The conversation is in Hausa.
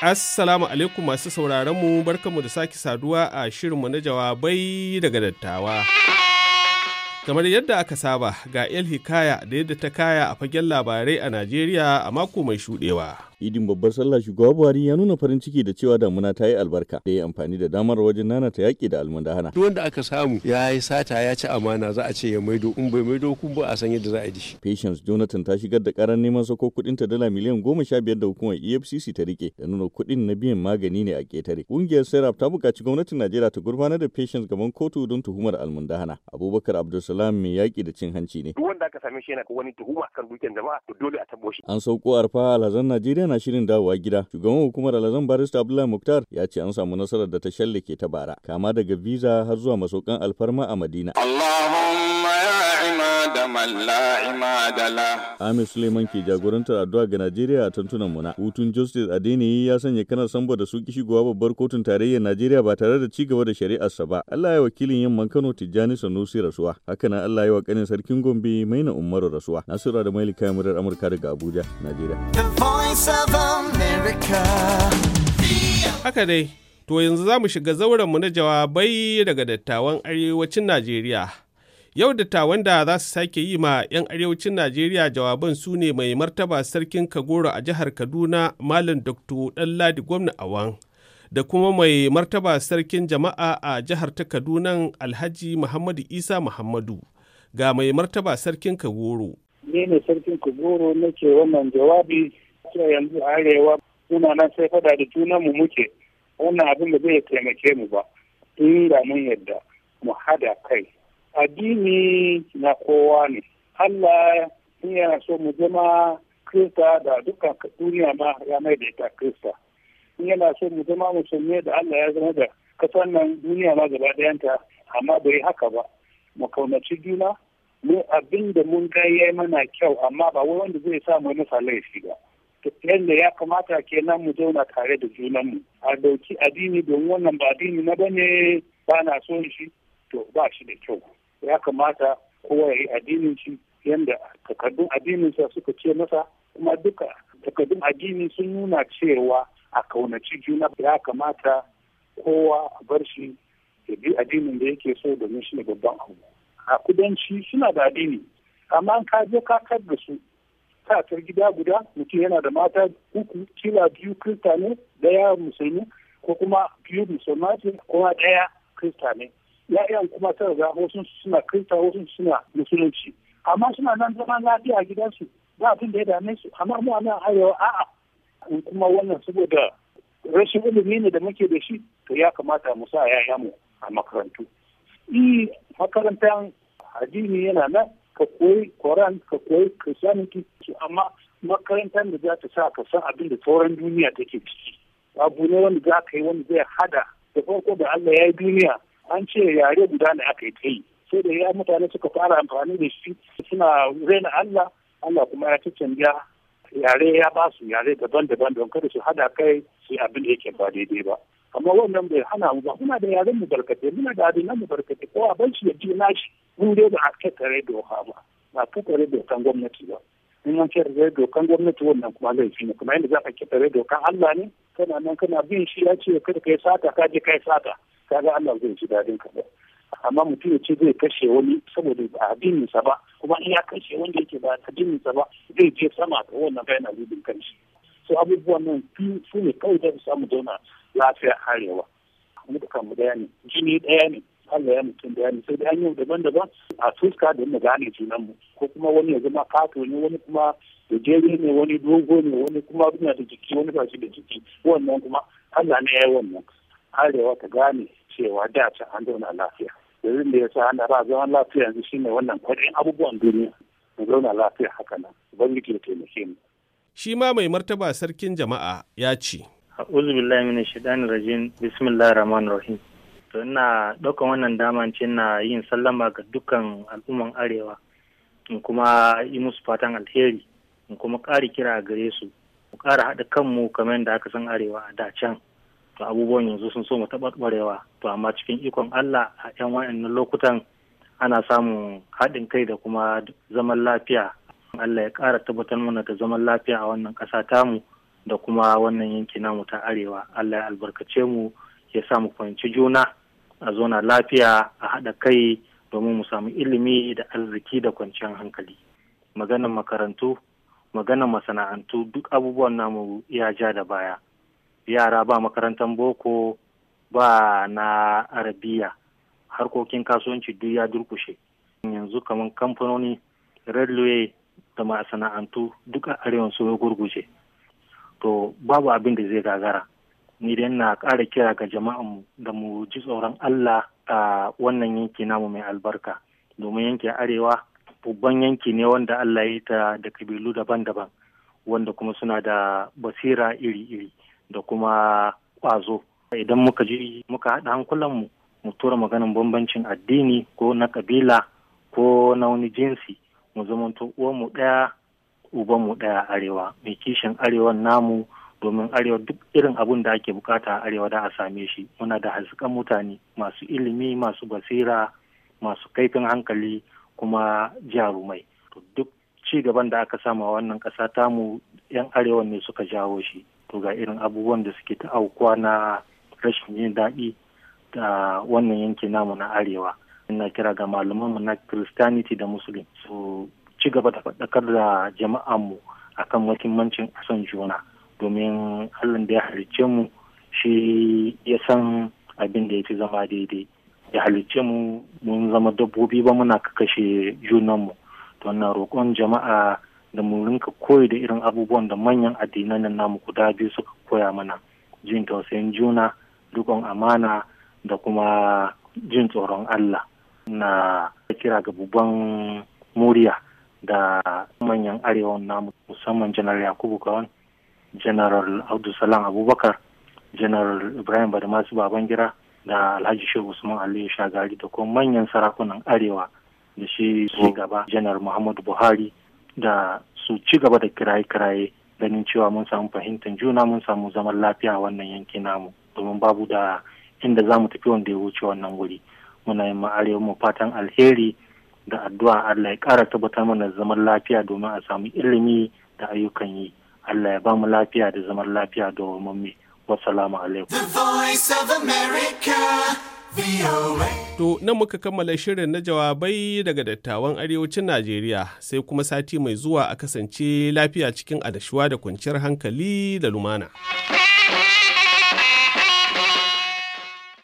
Assalamu alaikum masu sauraron mu barkanmu da sake saduwa a shirinmu na jawabai daga dattawa. Kamar yadda aka saba ga El Hikaya da yadda ta kaya a fagen labarai a Najeriya a mako mai shudewa. idin babbar sallah shugaba buhari ya nuna farin ciki da cewa damuna ta yi albarka da ya amfani da damar wajen nana ta yaƙi da almundahana duk wanda aka samu ya yi sata ya ci amana za a ce ya maido in bai maido kun ba a san yadda za a ji. patience jonathan ta shigar da karan neman sako kuɗin ta dala miliyan goma sha biyar da hukumar efcc ta rike da nuna kuɗin na biyan magani ne a ƙetare ƙungiyar serap ta buƙaci gwamnatin najeriya ta gurfanar da patience gaban kotu don tuhumar almundahana abubakar abdulsalam mai yaƙi da cin hanci ne duk wanda aka same shi yana wani tuhuma kan dukiyar jama'a to dole a tabo shi an sauko arfa alhazan najeriya na shirin dawowa gida, shugaban hukumar alazan barista Abdullahi Muktar ya ce an samu nasarar da ta shallake ta bara, kama daga visa har zuwa masokan alfarma a Madina. da Suleiman ke jagorantar addu'a ga Najeriya a tantunan muna. Hutun Justice Adini ya sanya kanar sambo da su shigowa babbar kotun tarayyar Najeriya ba tare da ci gaba da shari'arsa ba. Allah ya wakilin yamman Kano Tijjani Sanusi rasuwa. Haka nan Allah ya wakilin sarkin Gombe Maina Umaru rasuwa. nasira da Maili kayan murar Amurka daga Abuja, Najeriya. Haka dai, to yanzu za mu shiga zauren mu na jawabai daga dattawan arewacin Najeriya. Yau dattawan da za su sake yi ma 'yan arewacin Najeriya jawaban su ne mai martaba sarkin Kagoro a jihar Kaduna Malam Dr. Ɗanladi Gwamna Awan da kuma mai martaba sarkin jama'a a jihar ta Kaduna Alhaji Muhammadu Isa Muhammadu ga mai martaba sarkin Kagoro. Ne ne sarkin Kagoro nake wannan jawabi yanzu arewa muna nan sai fada da mu muke wannan abin da zai taimake mu ba tun ga mun yadda mu hada kai addini na kowa ne Allah in yana so mu zama kirista, da dukkan duniya ma ya mai da ita Krista in yana so mu zama musulmi da Allah ya zama da kasan nan duniya ma gaba dayanta amma bai haka ba mu kaunaci juna mu abin da mun ga ya mana kyau amma ba wai wanda zai sa mu nufa laifi ba yadda ya kamata kenan mu zauna tare da junanmu a dauki addini domin wannan ba addini na bane ba na son shi to ba shi da kyau ya kamata kowa ya yi addinin shi yadda takardun addinin sa suka ce masa kuma duka takardun addini sun nuna cewa a kaunaci juna ya kamata kowa a bar shi ya bi addinin da yake so domin shi ne babban abu a kudanci suna da addini amma ka je ka kar da su tatar gida guda mutum yana da mata uku kila biyu kirista ne daya musulmi ko kuma biyu musulma ce kuma daya kirista ne ya'yan kuma ta riga wasu suna kirta wasu suna musulunci amma suna nan zama lafiya a gidansu ba abin da ya dame su amma mu nan arewa a'a in kuma wannan saboda rashin ilimi ne da muke da shi to ya kamata mu sa ya'ya mu a makarantu i makarantar addini yana nan ka koyi koran ka koyi christianity amma makarantar da za ta sa ka san abin da sauran duniya take ciki abu ne wanda za ka yi wanda zai hada da farko da Allah ya yi duniya an ce yare guda ne aka yi ta sai da ya mutane suka fara amfani da shi suna na Allah Allah kuma ya ta canja yare ya ba su yare daban-daban don kada su hada kai su abin da yake ba daidai ba amma wannan bai hana mu ba muna da yaren mu barkate muna da adinan mu barkate ko a ban shi ya ji nashi mun dai ba a kakkare doka ba ba kakkare dokan gwamnati ba in an ce rage dokan gwamnati wannan kuma laifi ne kuma yadda za ka kiɗa dokan Allah ne kana nan kana bin shi ya ce kada yi sata ka je kai sata ga Allah zai ji dadin ka ba amma mutum ya ce zai kashe wani saboda ba addininsa ba kuma in ya kashe wanda yake ba addininsa ba zai je sama ga wannan bayan alibin kanshi so abubuwan nan su ne kawai da samu zauna lafiya arewa mu dukan mu daya ne jini daya ne Allah ya mutum bayani sai da hanyoyi daban-daban a fuska da mu gane junan mu ko kuma wani ya zama kato ne wani kuma da jere ne wani dogo ne wani kuma abin da jiki wani ba shi da jiki wannan kuma Allah ne ya yi wannan arewa ta gane cewa da ta an zauna lafiya yanzu da ya sa ana ba zaman lafiya yanzu shine wannan kwaɗin abubuwan duniya mu zauna lafiya haka nan ubangiji ya taimake mu shi ma mai martaba sarkin jama'a ya ce a'udhu billahi da ni rajim bismillahir rahmanir rahim to ina ɗaukan wannan daman ce na yin sallama ga dukkan al'umman arewa in kuma yi musu fatan alheri in kuma ƙari kira a gare su mu ƙara haɗa kanmu kamar yadda aka san arewa a da can to abubuwan yanzu sun so mu taɓarɓarewa to amma cikin ikon Allah a 'yan wa'annan lokutan ana samun haɗin kai da kuma zaman lafiya Allah ya ƙara tabbatar mana da zaman lafiya a wannan ƙasa tamu da kuma wannan yanki namu ta arewa Allah ya albarkace mu ya sa mu fahimci juna a zona lafiya a haɗa kai domin mu samu ilimi da arziki da kwanciyar hankali maganan makarantu maganan masana'antu duk abubuwan namu ya ja da baya yara ba makarantar boko ba na arabiya harkokin kasuwanci duk ya durkushe yanzu kamar kamfanoni railway da masana'antu duk a arewan su gurguje to babu abin da zai gagara ni dai na ƙara kira ga mu da mu ji tsoron Allah a wannan yanki namu mai albarka domin yankin arewa babban yanki ne wanda Allah ya yi ta da kabilu daban-daban wanda kuma suna da basira iri-iri da kuma ƙwazo idan muka ji muka haɗa hankulan mu mu tura maganin bambancin addini ko na kabila ko na wani jinsi mu zamanto uwanmu ɗaya mu ɗaya arewa mai kishin arewan namu domin arewa duk irin abun da ake bukata a arewa da a same shi muna da haskan mutane masu ilimi masu basira masu kaifin hankali kuma jarumai to duk ci gaban da aka sama wannan kasa tamu yan arewa ne suka jawo shi to ga irin abubuwan da suke ta na rashin yin daɗi da wannan yanki namu na arewa ina kira ga malaman mu na christianity da muslim su ci gaba da faɗakar da jama'an jama'anmu akan muhimmancin son juna domin allah da ya halicce mu shi ya san abin da ya fi zama daidai ya halicce mu mun zama dabbobi ba muna kakashe junanmu to na roƙon jama'a da mu rinka koyi da irin abubuwan da manyan addinan namu guda biyu suka koya mana jin tausayin juna rikon amana da kuma jin tsoron Allah na kira ga babban muriya da manyan arewa namu musamman janar yakubu kawan general abdulsalam abubakar general ibrahim badamasu babangira da alhaji shehu usman aliyu shagari da kuma manyan sarakunan arewa da shi su gaba general muhammadu buhari da su ci gaba da kiraye-kiraye ganin cewa mun samu fahimtar juna mun samu zaman lafiya a wannan yanki namu domin babu da inda za mu tafi wanda ya wuce wannan wuri muna yin ma'arewa mu fatan alheri da addu'a allah ya kara tabbatar mana zaman lafiya domin a samu ilimi da ayyukan yi Allah ya bamu lafiya da zaman lafiya da wamanmi. Wassalamu alaikum. To nan muka kammala shirin na jawabai daga dattawan arewacin Najeriya sai kuma sati mai zuwa a kasance lafiya cikin adashuwa da kwanciyar hankali da lumana.